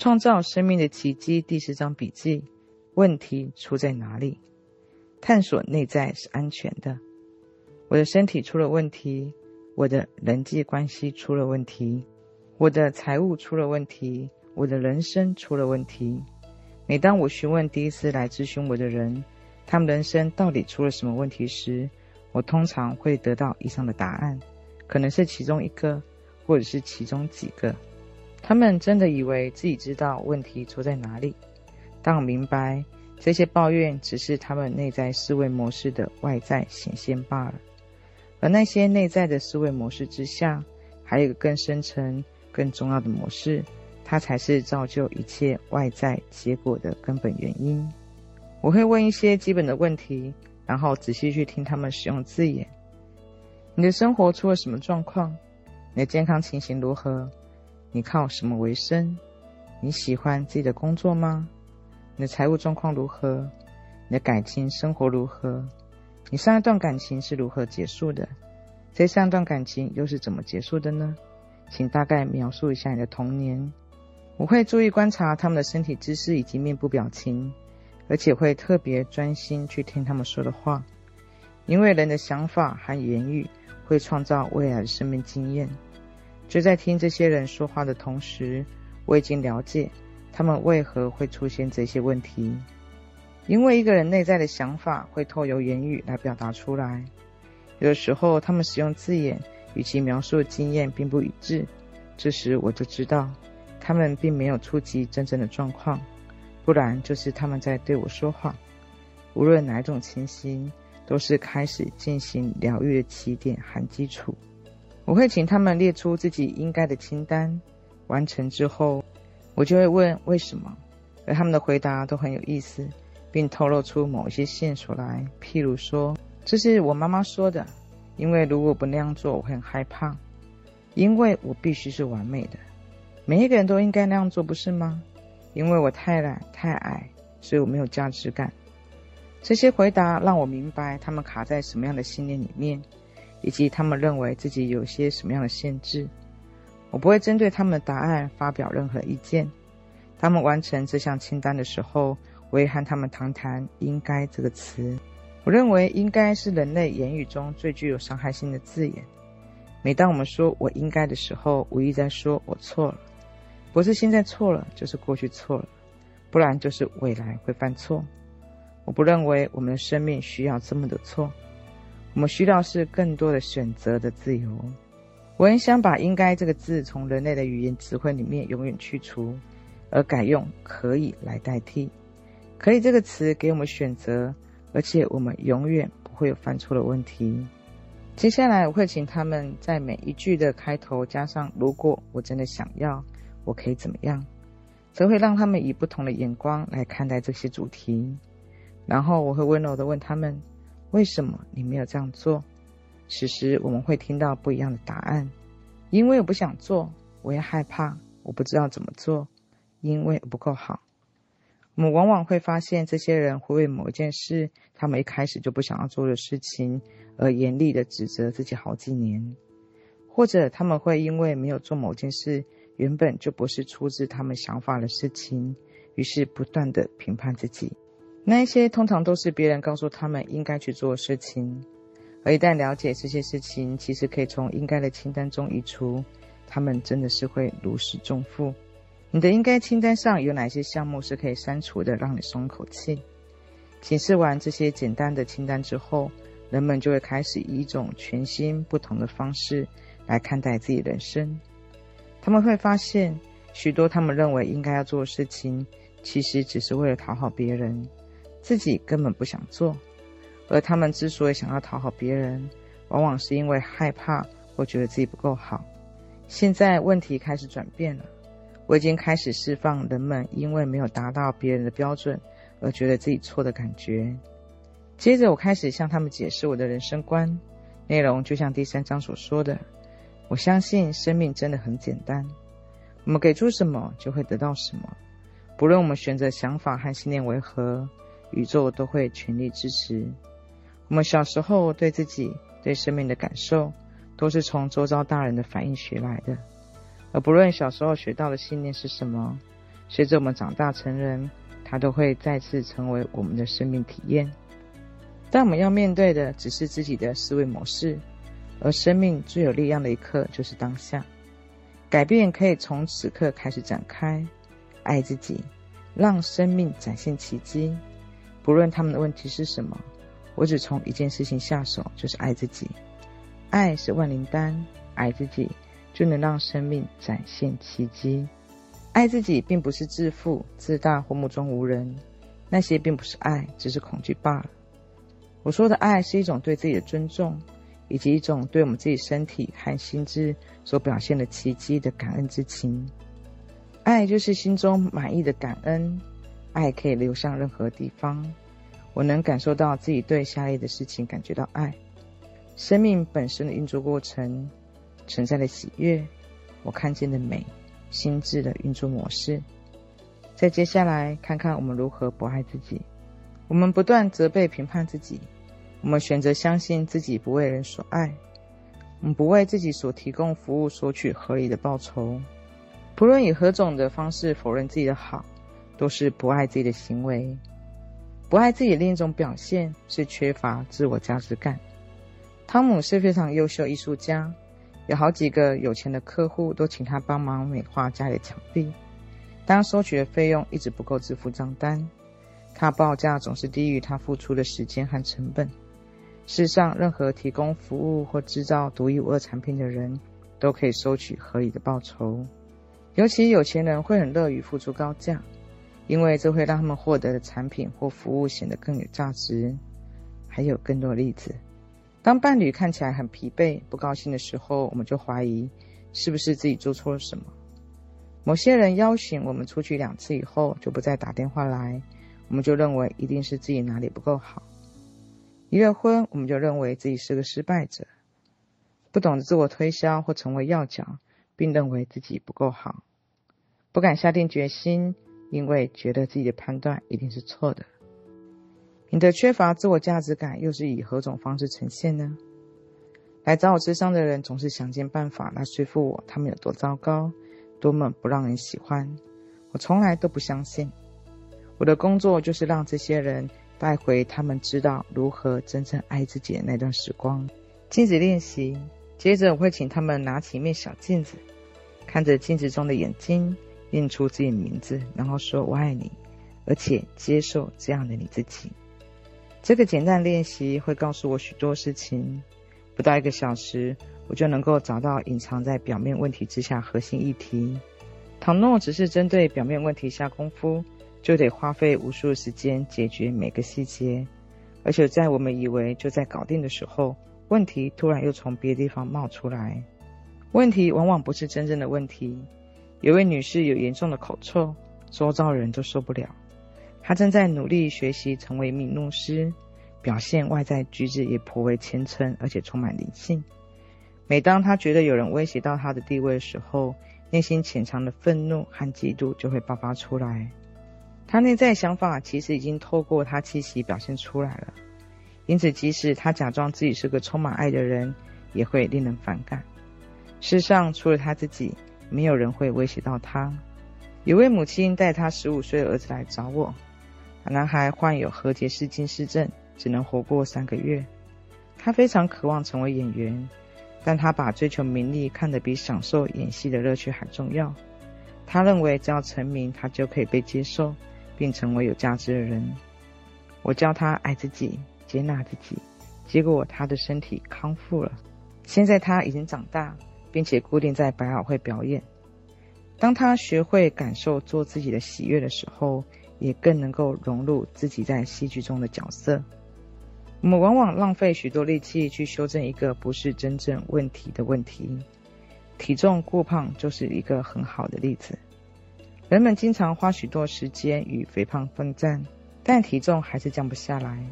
創造生命的奇蹟，第四章筆記：問題出在哪裡？探索內在是安全的。我的身體出了問題，我的人際關係出了問題，我的財務出了問題，我的人生出了問題。每當我詢問第一次來諮詢我的人，他們人生到底出了什麼問題時，我通常會得到以上的答案，可能是其中一個，或者是其中幾個。他們真的以為自己知道問題出在哪裡，但我明白，這些抱怨只是他們內在思維模式的外在顯現罷了。而那些內在的思維模式之下，還有一個更深層、更重要的模式，它才是造就一切外在結果的根本原因。我會問一些基本的問題，然後仔細去聽他們使用字眼。你的生活出了什麼狀況？你的健康情形如何？你靠什麼為生？你喜歡自己的工作嗎？你的財務狀況如何？你的感情生活如何？你上一段感情是如何結束的？這上一段感情又是怎麼結束的呢？請大概描述一下你的童年。我會注意觀察他們的身體姿勢以及面部表情，而且會特別專心去聽他們說的話，因為人的想法和言語會創造未來的生命經驗。就在聽這些人說話的同時，我已經了解他們為何會出現這些問題。因為一個人內在的想法會透由言語來表達出來，有的時候他們使用字眼與其描述的經驗並不一致，這時我就知道他們並沒有觸及真正的狀況，不然就是他們在對我說話。無論哪種情形，都是開始進行療癒的起點和基礎。我會請他們列出自己應該的清單，完成之後，我就會問為什麼，而他們的回答都很有意思，並透露出某一些線索來。譬如說，這是我媽媽說的，因為如果不那樣做，我很害怕，因為我必須是完美的。每一個人都應該那樣做，不是嗎？因為我太懶、太矮，所以我沒有價值感。這些回答讓我明白他們卡在什麼樣的信念裡面。以及他們認為自己有些什麼樣的限制，我不會針對他們的答案發表任何意見。他們完成這項清單的時候，我也和他們談談“應該”這個詞。我認為“應該”是人類言語中最具有傷害性的字眼。每當我們說我應該的時候，無意在說我錯了，不是現在錯了，就是過去錯了，不然就是未來會犯錯。我不認為我們的生命需要這麼多錯。我們需要是更多的選擇的自由。我很想把“應該”這個字從人類的語言詞彙裡面永遠去除，而改用“可以”來代替。“可以”這個詞給我們選擇，而且我們永遠不會有犯錯的問題。接下來，我會請他們在每一句的開頭加上“如果我真的想要，我可以怎麼樣”，則會讓他們以不同的眼光來看待這些主題。然後，我會溫柔地問他們。為什麼你沒有這樣做？此時我們會聽到不一樣的答案，因為我不想做，我也害怕，我不知道怎麼做，因為我不夠好。我們往往會發現，這些人會為某件事，他們一開始就不想要做的事情，而嚴厲的指責自己好幾年；或者他們會因為沒有做某件事，原本就不是出自他們想法的事情，於是不斷的評判自己。那一些通常都是別人告訴他們應該去做的事情，而一旦了解這些事情，其實可以從應該的清單中移除，他們真的是會如釋重負。你的應該清單上有哪些項目是可以刪除的，讓你鬆口氣？解釋完這些簡單的清單之後，人們就會開始以一種全新不同的方式來看待自己人生。他們會發現，許多他們認為應該要做的事情，其實只是為了討好別人。自己根本不想做，而他們之所以想要討好別人，往往是因為害怕或覺得自己不夠好。現在問題開始轉變了，我已經開始釋放人們因為沒有達到別人的標準而覺得自己錯的感覺。接着，我開始向他們解釋我的人生觀，內容就像第三章所說的：我相信生命真的很簡單，我們給出什麼就會得到什麼，不論我們選擇想法和信念為何，宇宙都會全力支持。我們小時候對自己、對生命的感受，都是從周遭大人的反應學來的。而不論小時候學到的信念是什麼，隨着我們長大成人，它都會再次成為我們的生命體驗。但我們要面對的只是自己的思維模式，而生命最有力量的一刻就是當下。改變可以從此刻開始展開，愛自己，讓生命展現奇蹟。不論他們的問題是什麼，我只從一件事情下手，就是愛自己。愛是萬靈丹，愛自己就能讓生命展現奇蹟。愛自己并不是自負、自大或目中無人，那些并不是愛，只是恐懼罷了。我說的愛是一種對自己的尊重，以及一種對我們自己身體和心智所表現的奇蹟的感恩之情。愛就是心中滿意的感恩。愛可以流向任何地方，我能感受到自己對下列的事情感覺到愛：生命本身的運作過程、存在的喜悅、我看見的美、心智的運作模式。再接下來看看我們如何不愛自己。我們不斷責備、評判自己；我們選擇相信自己不為人所愛；我們不為自己所提供服務索取合理的報酬；不論以何種的方式否認自己的好。都是不愛自己的行為。不愛自己另一種表現是缺乏自我價值感。湯姆是非常優秀藝術家，有好幾個有錢的客戶都請他幫忙美化家裡牆壁。但收取的費用一直不夠支付賬單，他報價總是低於他付出的時間和成本。事實上，任何提供服務或制造獨一無二產品的人，都可以收取合理的報酬，尤其有錢人會很樂於付出高價。因為這會讓他們獲得的產品或服務顯得更有價值。還有更多例子：當伴侶看起來很疲憊、不高興的時候，我們就懷疑是不是自己做錯了什麼；某些人邀請我們出去兩次以後就不再打電話來，我們就認為一定是自己哪裡不夠好；離了婚，我們就認為自己是個失敗者，不懂得自我推銷或成為要角，並認為自己不夠好，不敢下定決心。因為覺得自己的判斷一定是錯的，你的缺乏自我價值感又是以何種方式呈現呢？來找我諮商的人總是想盡辦法來說服我，他們有多糟糕，多麼不讓人喜歡。我從來都不相信。我的工作就是讓這些人帶回他們知道如何真正愛自己的那段時光。鏡子練習，接着我會請他們拿起一面小鏡子，看着鏡子中的眼睛。念出自己名字，然後說“我愛你”，而且接受這樣的你自己。這個簡單練習會告訴我許多事情。不到一個小時，我就能夠找到隱藏在表面問題之下核心議題。倘若只是針對表面問題下功夫，就得花費無數時間解決每個細節，而且在我們以為就在搞定的時候，問題突然又從別的地方冒出來。問題往往不是真正的問題。有位女士有嚴重的口臭，周遭人都受不了。她正在努力學習成為命怒師，表現外在舉止也頗為虔誠，而且充滿靈性。每當她覺得有人威脅到她的地位的時候，內心潛藏的憤怒和嫉妒就會爆發出來。她內在想法其實已經透過她氣息表現出來了，因此即使她假裝自己是個充滿愛的人，也會令人反感。世上除了她自己。沒有人會威脅到他。有位母親帶他十五歲的兒子來找我。男孩患有何杰金氏症，只能活過三個月。他非常渴望成為演員，但他把追求名利看得比享受演戲的樂趣還重要。他認為只要成名，他就可以被接受，並成為有價值的人。我教他愛自己，接納自己。結果他的身體康復了。現在他已經長大。並且固定在百老匯表演。當他學會感受做自己的喜悅的時候，也更能夠融入自己在戲劇中的角色。我們往往浪費許多力氣去修正一個不是真正問題的問題。體重過胖就是一個很好的例子。人們經常花許多時間與肥胖奮戰，但體重還是降不下來。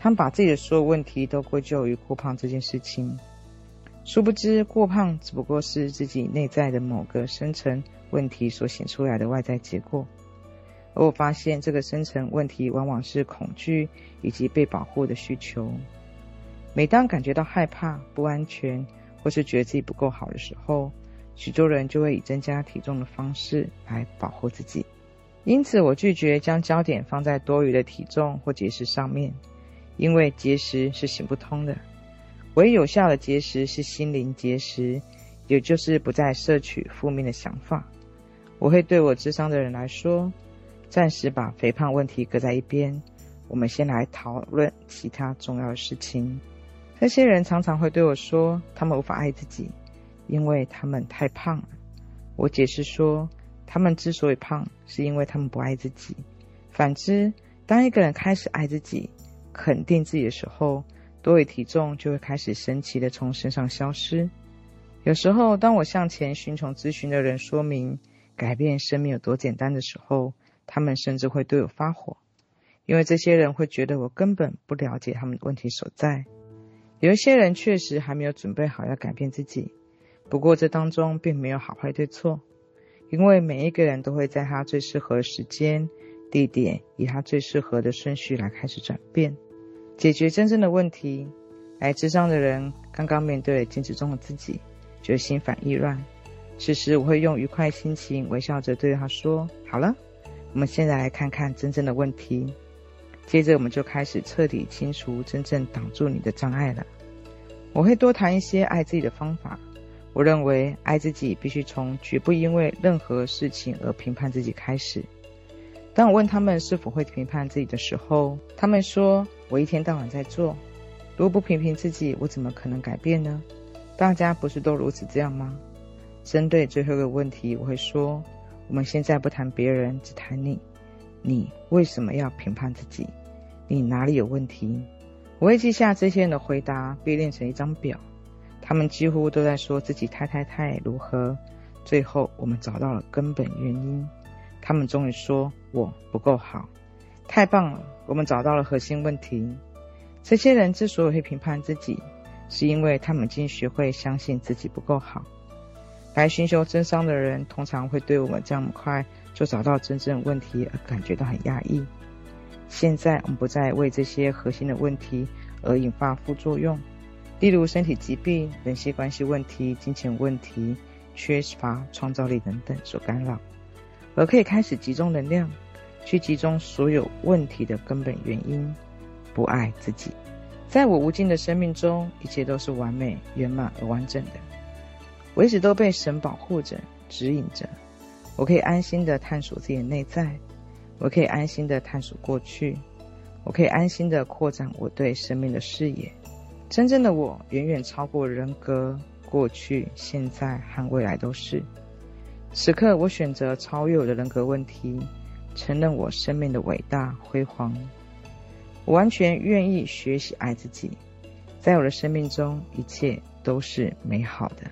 他們把自己的所有問題都歸咎於過胖這件事情。殊不知，過胖只不過是自己內在的某個深層問題所顯出來的外在結果。而我發現，這個深層問題往往是恐懼以及被保護的需求。每當感覺到害怕、不安全，或是覺得自己不夠好的時候，許多人就會以增加體重的方式來保護自己。因此，我拒絕將焦點放在多餘的體重或節食上面，因為節食是行不通的。唯一有效的節食是心靈節食，也就是不再攝取負面的想法。我會對我諮商的人來說，暫時把肥胖問題擱在一邊，我們先來討論其他重要的事情。這些人常常會對我說，他們無法愛自己，因為他們太胖了。我解釋說，他們之所以胖，是因為他們不愛自己。反之，當一個人開始愛自己、肯定自己的時候，所以體重就會開始神奇地從身上消失。有時候，當我向前尋求諮詢的人說明改變生命有多簡單的時候，他們甚至會對我發火，因為這些人會覺得我根本不了解他們的問題所在。有一些人確實還沒有準備好要改變自己，不過這當中並沒有好壞對錯，因為每一個人都會在他最適合的時間、地點，以他最適合的順序來開始轉變。解決真正的問題。來諮商的人剛剛面對鏡子中的自己，覺得心煩意亂。此時，我會用愉快的心情微笑着對他說：“好了，我們現在來看看真正的問題。接着，我們就開始徹底清除真正擋住你的障礙了。我會多談一些愛自己的方法。我認為，愛自己必須從絕不因為任何事情而評判自己開始。當我問他們是否會評判自己的時候，他們說。”我一天到晚在做，如果不批評自己，我怎麼可能改變呢？大家不是都如此這樣嗎？針對最後一個問題，我會說：我們現在不談別人，只談你。你為什麼要評判自己？你哪裡有問題？我會記下這些人的回答，並列成一張表。他們幾乎都在說自己太太太如何。最後，我們找到了根本原因。他們終於說：我不夠好。太棒了，我們找到了核心問題。這些人之所以會評判自己，是因為他們已經學會相信自己不夠好。來尋求真相的人通常會對我們這麼快就找到真正問題而感覺到很壓抑。現在我們不再為這些核心的問題而引發副作用，例如身體疾病、人際關係問題、金錢問題、缺乏創造力等等所干擾，而可以開始集中能量。去集中所有問題的根本原因，不愛自己。在我無盡的生命中，一切都是完美、圓滿而完整的。我一直都被神保護着、指引着。我可以安心的探索自己的內在，我可以安心的探索過去，我可以安心的擴展我對生命的視野。真正的我遠遠超過人格，過去、現在和未來都是。此刻，我選擇超越我的人格問題。承認我生命的偉大輝煌，我完全願意學習愛自己，在我的生命中一切都是美好的。